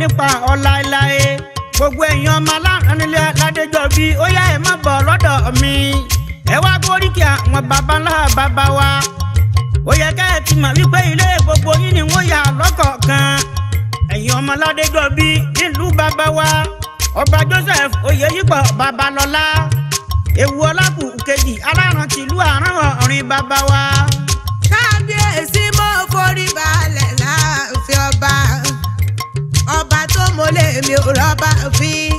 nípa ọláìláyé gbogbo èèyàn ọmọ alárànilẹ ládẹjọbí ó yá ẹ má bọ̀ lọ́dọ̀ mi ẹ wá gbóríkì àwọn baba ńlá baba wa ó yẹ ká ẹ ti mọ̀ wípé ilé gbogbo yín ni wọ́n yà lọ́kọ̀ọ̀kan ẹ̀yin ọmọ ládẹjọbí nílùú baba wa ọba Joseph Oyèyípọ̀ Babalọ́lá ewu ọlápù kejì aláràntìlú àrán ọ̀rìn baba wa. mi rubber feet.